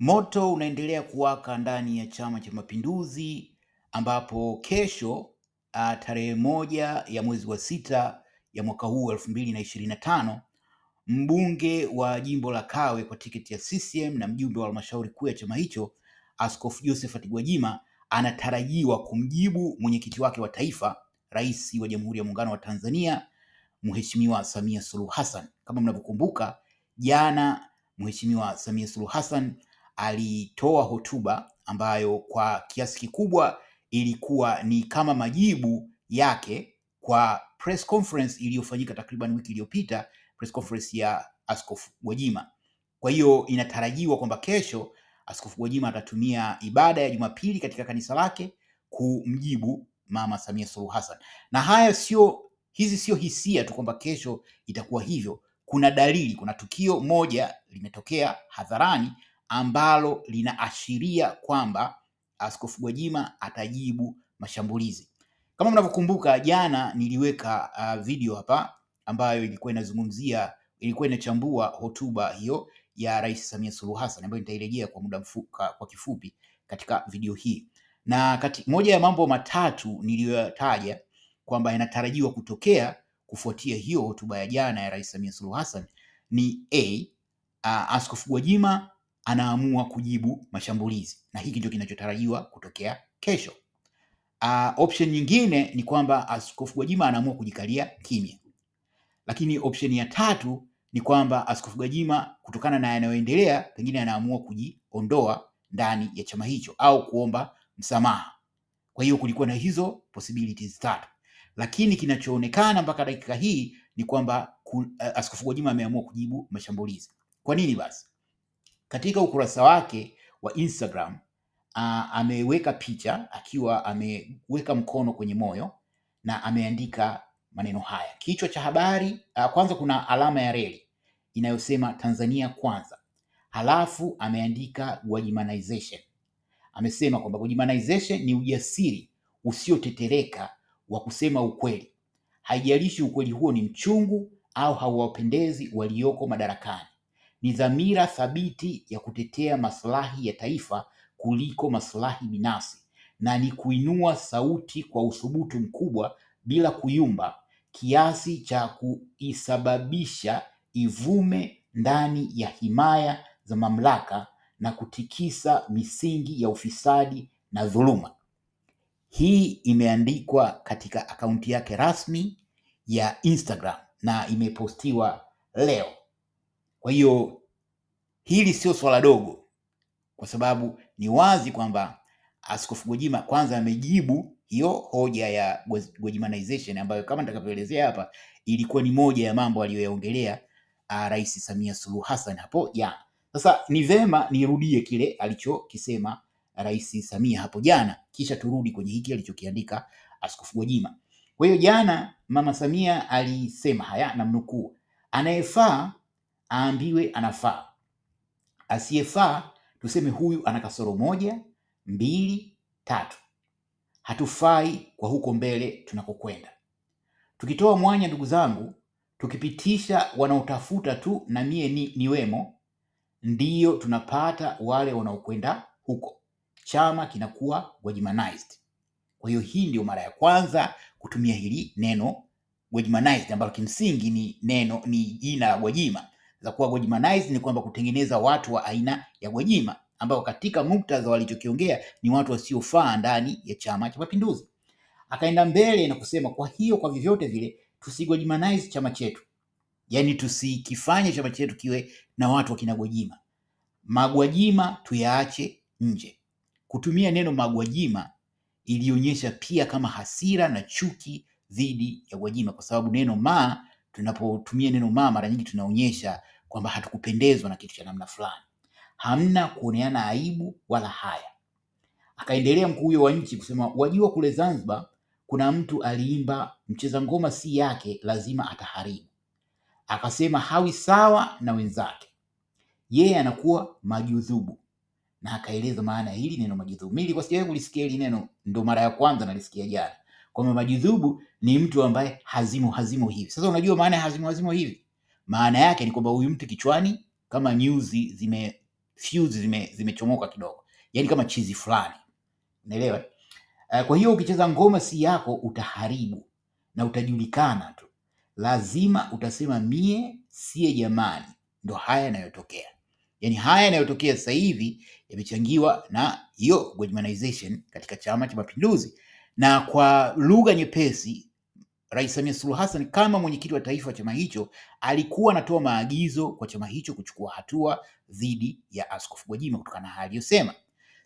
Moto unaendelea kuwaka ndani ya Chama cha Mapinduzi ambapo kesho ah, tarehe moja ya mwezi wa sita ya mwaka huu elfu mbili na ishirini na tano mbunge wa jimbo la Kawe kwa tiketi ya CCM na mjumbe wa halmashauri kuu ya chama hicho Askofu Josephat Gwajima anatarajiwa kumjibu mwenyekiti wake wa taifa, Rais wa Jamhuri ya Muungano wa Tanzania Mheshimiwa Samia Suluhu Hassan. Kama mnavyokumbuka, jana Mheshimiwa Samia Suluhu Hassan alitoa hotuba ambayo kwa kiasi kikubwa ilikuwa ni kama majibu yake kwa press conference iliyofanyika takriban wiki iliyopita, press conference ya Askofu Gwajima. Kwa hiyo inatarajiwa kwamba kesho Askofu Gwajima atatumia ibada ya Jumapili katika kanisa lake kumjibu Mama Samia Suluhu Hassan, na haya sio hizi sio hisia tu kwamba kesho itakuwa hivyo. Kuna dalili, kuna tukio moja limetokea hadharani ambalo linaashiria kwamba Askofu Gwajima atajibu mashambulizi. Kama mnavyokumbuka, jana niliweka uh, video hapa ambayo ilikuwa inazungumzia, ilikuwa inachambua hotuba hiyo ya Rais Samia Suluhu Hassan ambayo nitairejea kwa muda mfuka, kwa kifupi katika video hii na kati, moja ya mambo matatu niliyoyataja kwamba yanatarajiwa kutokea kufuatia hiyo hotuba ya jana ya Rais Samia Suluhu Hassan ni a, uh, Askofu Gwajima anaamua kujibu mashambulizi, na hiki ndio kinachotarajiwa kutokea kesho. Uh, option nyingine ni kwamba Askofu Gwajima anaamua kujikalia kimya, lakini option ya tatu ni kwamba Askofu Gwajima kutokana na yanayoendelea, pengine anaamua kujiondoa ndani ya chama hicho au kuomba msamaha. Kwa hiyo kulikuwa na hizo possibilities tatu, lakini kinachoonekana mpaka dakika hii ni kwamba eh, Askofu Gwajima ameamua kujibu mashambulizi. Kwa nini basi? Katika ukurasa wake wa Instagram a, ameweka picha akiwa ameweka mkono kwenye moyo na ameandika maneno haya. Kichwa cha habari a, kwanza kuna alama ya reli inayosema Tanzania kwanza, halafu ameandika Gwajimanization. Amesema kwamba Gwajimanization ni ujasiri usiotetereka wa kusema ukweli, haijalishi ukweli huo ni mchungu au hauwapendezi walioko madarakani ni dhamira thabiti ya kutetea maslahi ya taifa kuliko maslahi binafsi, na ni kuinua sauti kwa uthubutu mkubwa bila kuyumba, kiasi cha kuisababisha ivume ndani ya himaya za mamlaka na kutikisa misingi ya ufisadi na dhuluma. Hii imeandikwa katika akaunti yake rasmi ya Instagram na imepostiwa leo. Kwa hiyo hili sio swala dogo, kwa sababu ni wazi kwamba Askofu Gwajima kwanza amejibu hiyo hoja ya Gwajimanization ambayo kama nitakavyoelezea hapa ilikuwa ni moja ya mambo aliyoyaongelea ah, Rais Samia Suluhu Hassan hapo jana. Sasa ni vema nirudie kile alichokisema Rais Samia hapo jana, kisha turudi kwenye hiki alichokiandika Askofu Gwajima. Kwa hiyo jana Mama Samia alisema haya, namnukuu: anayefaa aambiwe anafaa. Asiyefaa tuseme huyu ana kasoro moja, mbili, tatu, hatufai kwa huko mbele tunakokwenda. Tukitoa mwanya, ndugu zangu, tukipitisha wanaotafuta tu na mie ni, wemo ndiyo tunapata wale wanaokwenda huko, chama kinakuwa Gwajimanized. Kwa hiyo hii ndio mara ya kwanza kutumia hili neno ambalo kimsingi ni neno ni jina la Gwajima za kuwa Gojimanize ni kwamba kutengeneza watu wa aina ya Gwajima ambao katika muktadha walichokiongea ni watu wasiofaa ndani ya Chama cha Mapinduzi. Akaenda mbele na kusema, kwa hiyo kwa vyovyote vile tusigojimanize chama chetu, yaani tusikifanye chama chetu kiwe na watu wakina Gwajima. Magwajima tuyaache nje. Kutumia neno magwajima ilionyesha pia kama hasira na chuki dhidi ya Gwajima, kwa sababu neno ma, tunapotumia neno ma mara nyingi tunaonyesha kwamba hatukupendezwa na kitu cha namna fulani, hamna kuoneana aibu wala haya. Akaendelea mkuu huyo wa nchi kusema, wajua kule Zanzibar kuna mtu aliimba mcheza ngoma si yake, lazima ataharibu. Akasema hawi sawa na wenzake, yeye anakuwa majudhubu na akaeleza maana ya hili neno majidhubu. Mimi nilikuwa sijawahi kulisikia hili neno, ndo mara ya kwanza nalisikia jana, kwamba majidhubu ni mtu ambaye hazimu hazimu hivi. Sasa unajua maana ya hazimu hazimu hivi? Maana yake ni kwamba huyu mtu kichwani kama nyuzi zime fuse zime zimechomoka kidogo, yani kama chizi fulani, unaelewa. Eh, kwa hiyo ukicheza ngoma si yako utaharibu na utajulikana tu, lazima utasema mie siye jamani. Ndo haya yanayotokea, yani haya yanayotokea sasa hivi yamechangiwa na hiyo katika Chama cha Mapinduzi, na kwa lugha nyepesi Rais Samia Suluhu Hassan kama mwenyekiti wa taifa wa chama hicho alikuwa anatoa maagizo kwa chama hicho kuchukua hatua dhidi ya Askofu Gwajima kutokana na aliyosema.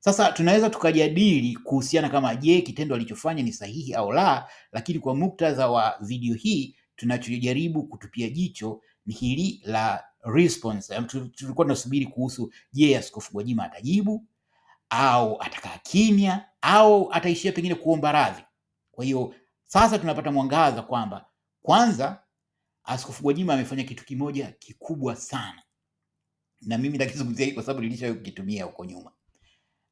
Sasa tunaweza tukajadili kuhusiana kama je, kitendo alichofanya ni sahihi au la, lakini kwa muktadha wa video hii tunachojaribu kutupia jicho ni hili la response. Yaani tulikuwa tunasubiri kuhusu, je, Askofu Gwajima atajibu au atakaa kimya au ataishia pengine kuomba radhi. Kwa hiyo sasa tunapata mwangaza kwamba kwanza, Askofu Gwajima amefanya kitu kimoja kikubwa sana, na mimi nakizungumzia hii kwa sababu kukitumia huko nyuma.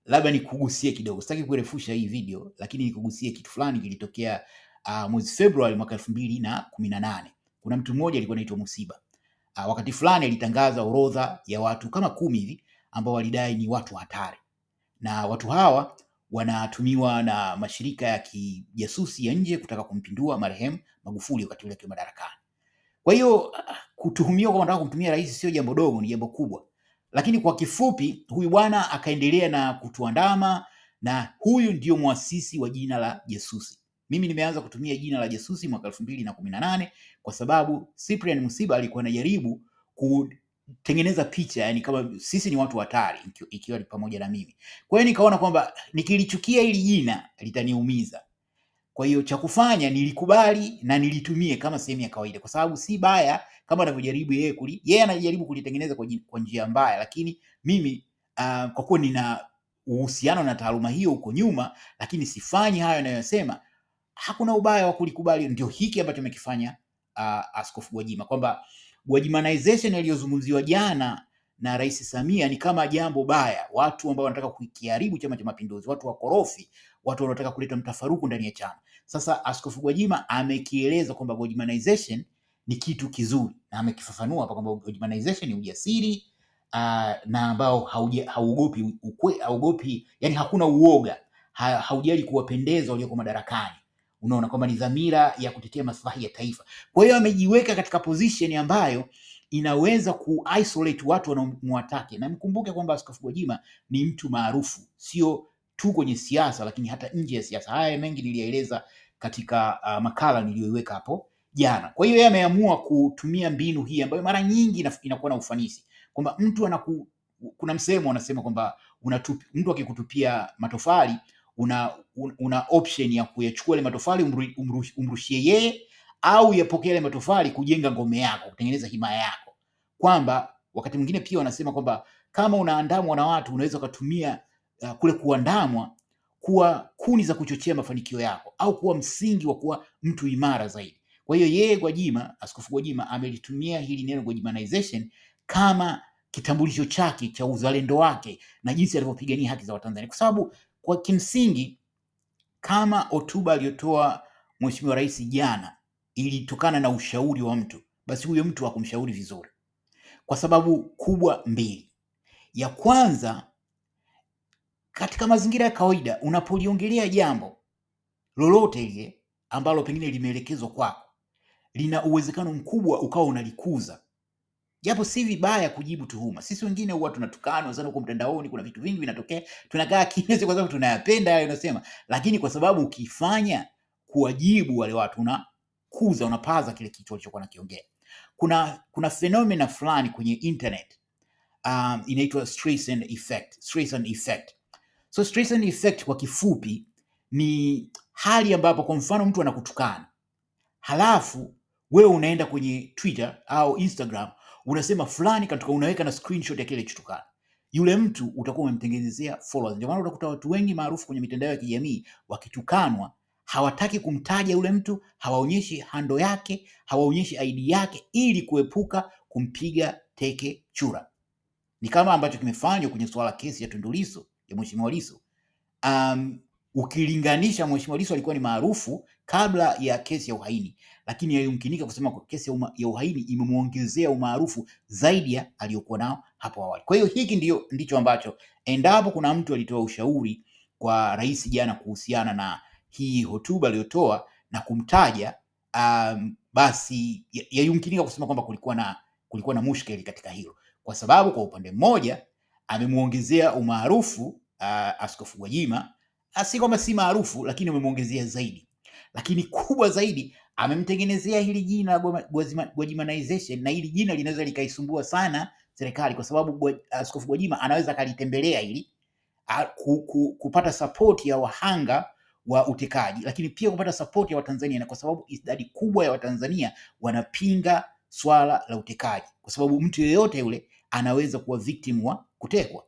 Labda nikugusie kidogo, sitaki kurefusha hii video, lakini nikugusie kitu fulani kilitokea uh, mwezi Februari mwaka elfu mbili na kumi na nane. Kuna mtu mmoja alikuwa anaitwa Musiba. Uh, wakati fulani alitangaza orodha ya watu kama kumi hivi ambao walidai ni watu hatari, na watu hawa wanatumiwa na mashirika ya kijasusi ya nje kutaka kumpindua marehemu Magufuli wakati ule akiwa madarakani. Kwa hiyo kutuhumiwa kwamba anataka kumtumia rais sio jambo dogo, ni jambo kubwa. Lakini kwa kifupi, huyu bwana akaendelea na kutuandama, na huyu ndio mwasisi wa jina la jasusi. Mimi nimeanza kutumia jina la jasusi mwaka elfu mbili na kumi na nane kwa sababu Cyprian Msiba alikuwa anajaribu tengeneza picha yani kama sisi ni watu hatari, ikiwa ni pamoja na mimi. Kwa hiyo nikaona kwamba nikilichukia hili jina litaniumiza. Kwa hiyo cha kufanya nilikubali na nilitumie kama sehemu ya kawaida, kwa sababu si baya kama anavyojaribu yeye kuli, yeye anajaribu kulitengeneza kwa njia mbaya, lakini mimi uh, kwa kuwa nina uhusiano na taaluma hiyo huko nyuma, lakini sifanyi hayo anayosema, hakuna ubaya wa kulikubali. Ndio hiki ambacho amekifanya uh, ah, Askofu Gwajima kwamba Gwajimanization iliyozungumziwa jana na Rais Samia ni kama jambo baya, watu ambao wanataka kukiharibu Chama cha Mapinduzi, watu wakorofi, watu wanaotaka kuleta mtafaruku ndani ya chama. Sasa Askofu Gwajima amekieleza kwamba Gwajimanization ni kitu kizuri, na amekifafanua hapa kwamba Gwajimanization ni ujasiri uh, na ambao haugopi ukwe, yani, hakuna uoga ha, haujali kuwapendeza walioko madarakani unaona kwamba ni dhamira ya kutetea maslahi ya taifa. Kwa hiyo amejiweka katika position ambayo inaweza ku isolate watu wanaomwatake, na mkumbuke kwamba Askofu Gwajima ni mtu maarufu, sio tu kwenye siasa, lakini hata nje ya siasa. Haya mengi niliyaeleza katika uh, makala niliyoiweka hapo jana. Kwa hiyo yeye ameamua kutumia mbinu hii ambayo mara nyingi inakuwa na ufanisi kwamba mtu anaku, kuna msemo wanasema kwamba mtu akikutupia matofali una, una option ya kuyachukua ile matofali umrushie umru, umru yeye au yapokea ile matofali kujenga ngome yako, kutengeneza himaya yako, kwamba wakati mwingine pia wanasema kwamba kama unaandamwa na watu unaweza ukatumia uh, kule kuandamwa kuwa kuni za kuchochea mafanikio yako au kuwa msingi wa kuwa mtu imara zaidi. Kwa hiyo yeye Gwajima, Askofu Gwajima amelitumia hili neno Gwajimanization kama kitambulisho chake cha uzalendo wake na jinsi alivyopigania haki za Watanzania, kwa sababu kwa kimsingi kama hotuba aliyotoa Mheshimiwa Rais jana ilitokana na ushauri wa mtu, basi huyo mtu hakumshauri vizuri kwa sababu kubwa mbili. Ya kwanza, katika mazingira ya kawaida unapoliongelea jambo lolote lile ambalo pengine limeelekezwa kwako, lina uwezekano mkubwa ukawa unalikuza japo si vibaya kujibu tuhuma. Sisi wengine huwa tunatukana sana huko mtandaoni, kuna vitu vingi vinatokea, tunakaa kimya, kwa sababu tunayapenda yale unasema, lakini kwa sababu ukifanya kuwajibu wale watu unakuza, unapaza kile kitu alichokuwa nakiongea. Kuna kuna fenomena fulani kwenye internet um, inaitwa stress and effect. Stress and effect. So stress and effect kwa kifupi ni hali ambapo kwa mfano mtu anakutukana halafu wewe unaenda kwenye Twitter au Instagram unasema fulani katoka, unaweka na screenshot ya kile kitukana, yule mtu utakuwa umemtengenezea followers. Ndio maana utakuta watu wengi maarufu kwenye mitandao ya kijamii wakitukanwa hawataki kumtaja yule mtu, hawaonyeshi hando yake, hawaonyeshi ID yake ili kuepuka kumpiga teke chura. Ni kama ambacho kimefanywa kwenye suala kesi ya Tundu Lissu ya Mheshimiwa Lissu. Um, ukilinganisha, Mheshimiwa Lissu alikuwa ni maarufu kabla ya kesi ya uhaini, lakini yayumkinika kusema kwa kesi ya uhaini imemwongezea umaarufu zaidi ya aliyokuwa nao hapo awali. Kwa hiyo hiki ndiyo, ndicho ambacho endapo kuna mtu alitoa ushauri kwa rais jana kuhusiana na hii hotuba aliyotoa na kumtaja um, basi yayumkinika kusema kwamba kulikuwa na kulikuwa na mushkeli katika hilo, kwa sababu kwa upande mmoja amemuongezea umaarufu uh, Askofu Gwajima Ah, si kwamba si maarufu, lakini amemwongezea zaidi, lakini kubwa zaidi amemtengenezea hili jina Gwajimanization, na hili jina linaweza likaisumbua sana serikali, kwa sababu Askofu Gwajima anaweza akalitembelea ili kupata sapoti ya wahanga wa utekaji, lakini pia kupata sapoti ya Watanzania, na kwa sababu idadi kubwa ya Watanzania wanapinga swala la utekaji, kwa sababu mtu yeyote yule anaweza kuwa victim wa kutekwa.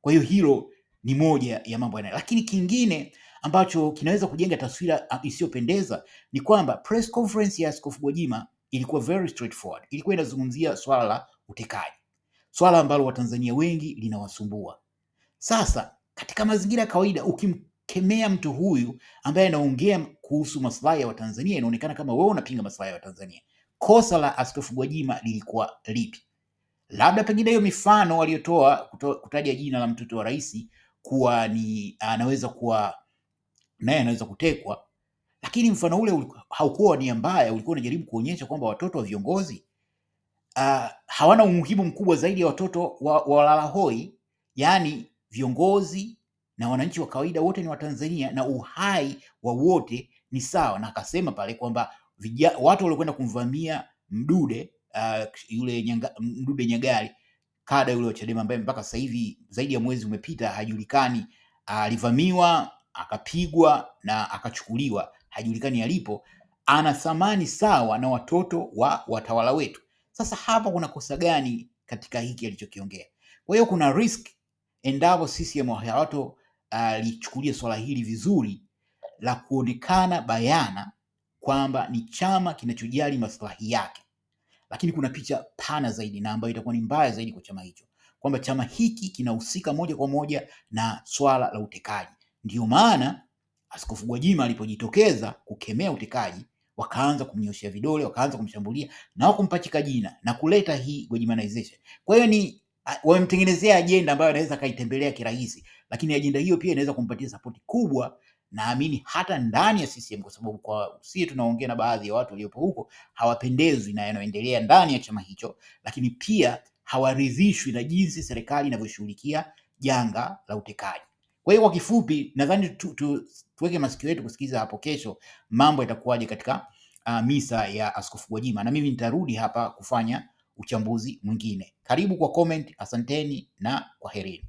Kwa hiyo hilo ni moja ya mambo yanayo, lakini kingine ambacho kinaweza kujenga taswira isiyopendeza ni kwamba press conference ya Askofu Gwajima ilikuwa very straightforward, ilikuwa inazungumzia swala la utekaji, swala ambalo Watanzania wengi linawasumbua. Sasa katika mazingira ya kawaida ukimkemea mtu huyu ambaye anaongea kuhusu maslahi ya Watanzania, inaonekana kama wewe unapinga maslahi ya Watanzania. Kosa la Askofu Gwajima lilikuwa lipi? Labda pengine hiyo mifano aliyotoa kutaja jina la mtoto wa rais kuwa ni anaweza kuwa naye anaweza kutekwa, lakini mfano ule haukuwa ni mbaya, ulikuwa unajaribu kuonyesha kwamba watoto wa viongozi uh, hawana umuhimu mkubwa zaidi ya watoto wa walalahoi, yaani viongozi na wananchi wa kawaida wote ni Watanzania na uhai wa wote ni sawa, na akasema pale kwamba watu waliokwenda kumvamia Mdude uh, yule nyanga, Mdude Nyagali kada yule wa Chadema ambaye mpaka sasa hivi zaidi ya mwezi umepita hajulikani, alivamiwa akapigwa na akachukuliwa, hajulikani alipo, ana thamani sawa na watoto wa watawala wetu. Sasa hapa kuna kosa gani katika hiki alichokiongea? Kwa hiyo kuna risk endapo CCM hawatalichukulia uh, alichukulia swala hili vizuri la kuonekana bayana kwamba ni chama kinachojali maslahi yake lakini kuna picha pana zaidi na ambayo itakuwa ni mbaya zaidi kwa chama hicho, kwamba chama hiki kinahusika moja kwa moja na swala la utekaji. ndio maana Askofu Gwajima alipojitokeza kukemea utekaji, wakaanza kumnyoshea vidole, wakaanza kumshambulia na kumpachika jina na kuleta hii Gwajimanization. Kwa hiyo ni wamemtengenezea ajenda ambayo anaweza akaitembelea kirahisi, lakini ajenda hiyo pia inaweza kumpatia sapoti kubwa naamini hata ndani ya CCM, kwa sababu kwa sisi tunaongea na baadhi ya watu waliopo huko hawapendezwi na yanayoendelea ndani ya chama hicho, lakini pia hawaridhishwi na jinsi serikali inavyoshughulikia janga la utekaji. Kwa hiyo kwa kifupi, nadhani tu, tu, tuweke masikio yetu kusikiza hapo kesho mambo yatakuwaje katika uh, misa ya Askofu Gwajima, na mimi nitarudi hapa kufanya uchambuzi mwingine. Karibu kwa comment. Asanteni na kwaherini.